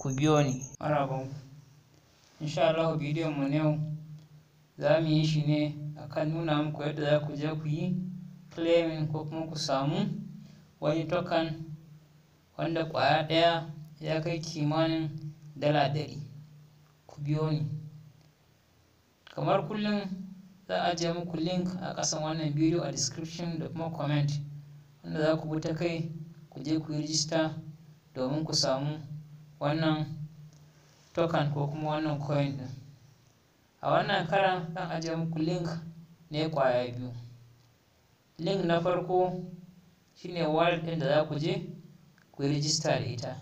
ku biyo ni ku insha Allah bidiyon mu yau za mu yi shi ne akan nuna muku yadda za ku je ku yi claiming ko kuma ku samu wani token wanda kwaya ɗaya ya kai kimanin dala ɗari ku biyo ni kamar kullum za a je muku link a ƙasan wannan bidiyo a description da kuma comment wanda za ku bi ta kai ku je ku yi rijista domin ku samu wannan token ko kuma wannan coin ɗin a wannan karan zan ajiye muku link ne ƙwaya biyu link na farko shine wallet ɗin da za ku je ku yi rijista da ita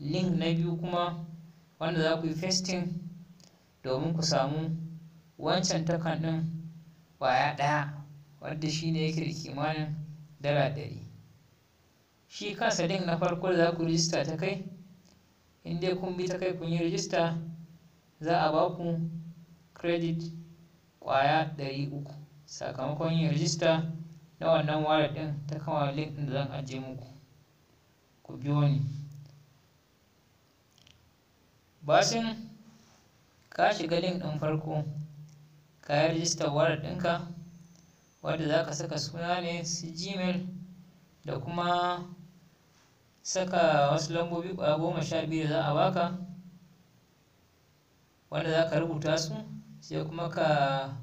link na biyu kuma wanda za ku yi pasting domin ku samu wancan token ɗin ƙwaya ɗaya wanda ne yake da kimanin dala ɗari shi kansa link na farko da za ku rijista ta kai in dai kun bi ta kai kun yi rijista za a ba ku credit kwaya 300 sakamakon yin rijista na wannan wallet ɗin ta kama link ɗin da zan ajiye muku ku biyo ni bashin ka shiga link ɗin farko ka yi rijista wallet ɗinka wadda za ka saka suna ne su gmail da kuma saka wasu lambobi ƙwaya goma sha biyu da za a baka wanda za ka rubuta su sai kuma ka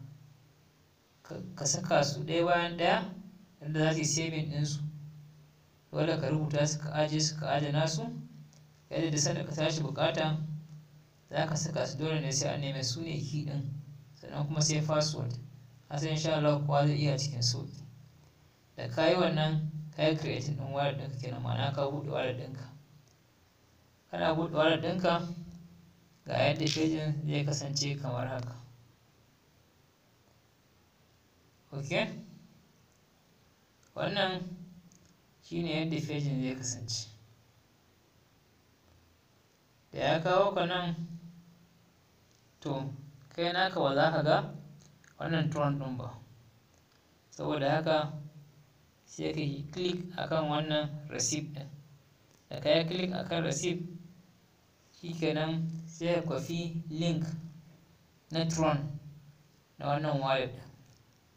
ka saka su ɗaya bayan ɗaya inda za su yi saving ɗinsu dole ka rubuta su ka aje su ka adana su yadda da sanda ka tashi bukata za ka saka su dole ne sai an nemi su ne ki ɗin sannan kuma sai password a sai insha Allah kowa zai iya cikin sauƙi da ka yi wannan ka yi creating ɗin wallet ɗinka kenan ma'ana ka buɗe wallet ɗinka kana buɗe wallet ɗinka ga yadda pejin zai kasance kamar haka ok wannan shine yadda pejin zai kasance da ya kawo ka nan to kai naka ba za ka ga wannan turan ɗin ba saboda haka sai ka yi click akan wannan receipt ɗin da ka yi click akan receipt shikenan sai ka kwafi link na tron na wannan wallet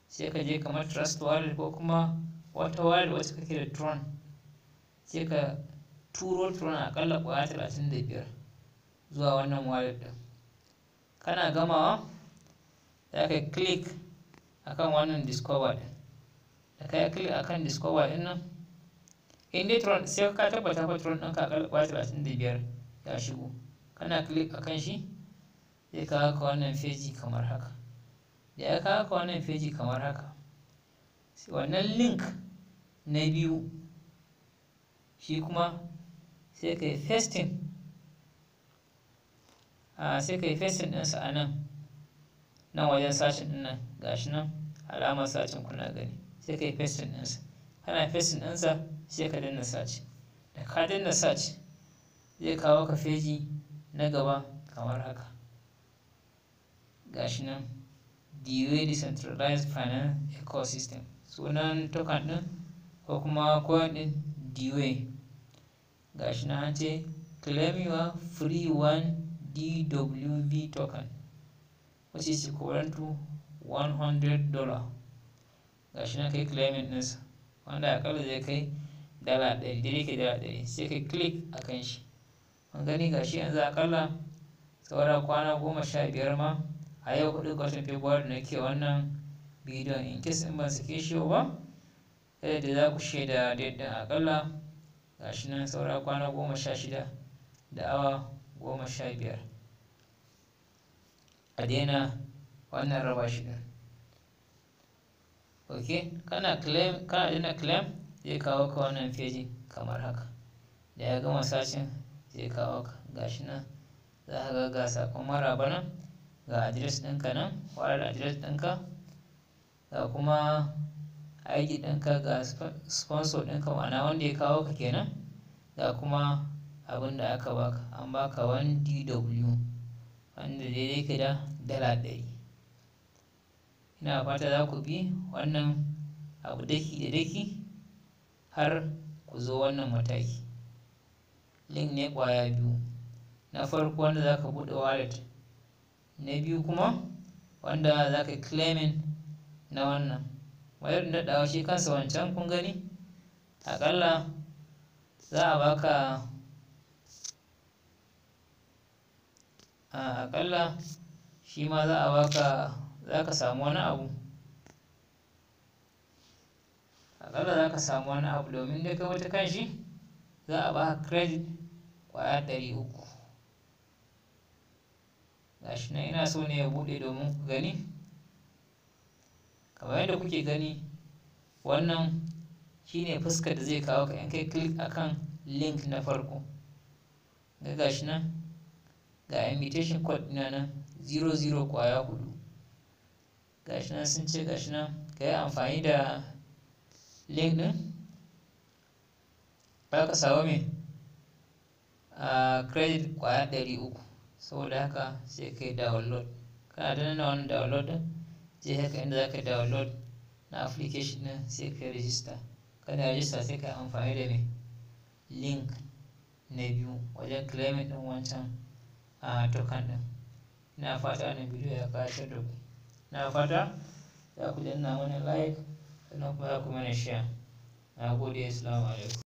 sai ka je kamar trust wallet ko kuma wata wallet wacce kake da tron sai ka turo tron akalla kwaya talatin da biyar zuwa wannan wallet ɗin kana gamawa za ka click akan wannan discover ɗin da ka yi click akan discover din nan in dai tron sai ka tabbata fa tron ɗinka a ƙarƙwa talatin da biyar ya shigo kana click akan shi zai ka haƙa wannan feji kamar haka da ya ka haƙa wannan feji kamar haka wannan link na biyu shi kuma sai ka yi festing sai ka yi festing ɗinsa a nan nan wajen sashin ɗin nan gashi nan alamar sashin kuna gani sai ka yi fesin ɗinsa kana fesin ɗinsa sai ka danna search da ka danna search zai kawo ka feji na gaba kamar haka gashi nan the way decentralized finance ecosystem sunan token ɗin ko kuma coin ɗin the way gashi nan an ce claim your free one dwv token which is equivalent to $100 ga shi nan kai claiming ɗinsa wanda akalla zai kai dala ɗari daidai ke dala ɗari sai kai click a kan shi mun gani ga shi yanzu akalla saura kwana goma sha biyar ma a yau hudu kwashin february na ke wannan bidiyon in kis in ban sake shi ba yadda za ku shaida daidai akalla ga shi nan saura kwana goma sha shida da awa goma sha biyar a daina wannan raba shi oke kana claim kana dina claim zai kawo ka wannan feji kamar haka da ya gama sashin zai kawo ka gashi nan za ka ga ga sakon maraba nan ga adres ɗinka nan warar adres ɗinka ga kuma ID ɗinka ga sponsor ɗinka ma'ana wanda ya kawo ka kenan ga kuma abin da aka baka an baka 1 DW wanda daidai ke da dala ɗari ina fata za ku bi wannan abu daki da daki har ku zo wannan mataki link ne kwaya biyu na farko wanda za ka buɗe wallet na biyu kuma wanda za ka claiming na wannan wayar daɗawa shi kansa wancan kun gani aƙalla za a baka aƙalla shi ma za a baka za ka samu wani abu akalla za ka samu wani abu domin da kai wata kanshi za a ba ka credit kwaya ɗari uku gashi nan ina so ne ya buɗe domin ku gani kamar yadda kuke gani wannan shine fuskar da zai kawo ka in kai click akan link na farko ga gashi nan ga invitation code na nan 00 kwaya hudu gashi nan sun ce gashi nan ka yi amfani da link ɗin za ka samu mai a credit kwaya ɗari uku saboda haka sai ka yi download kana da nuna wani download ɗin sai haka inda za ka download na application ɗin sai ka yi register kana register sai ka yi amfani da mai link na biyu wajen claiming ɗin wancan a token ɗin ina fata wannan bidiyo ya ƙayatar da ku na fata za ku danna mana like sannan kuma za ku mana share na gode assalamu alaikum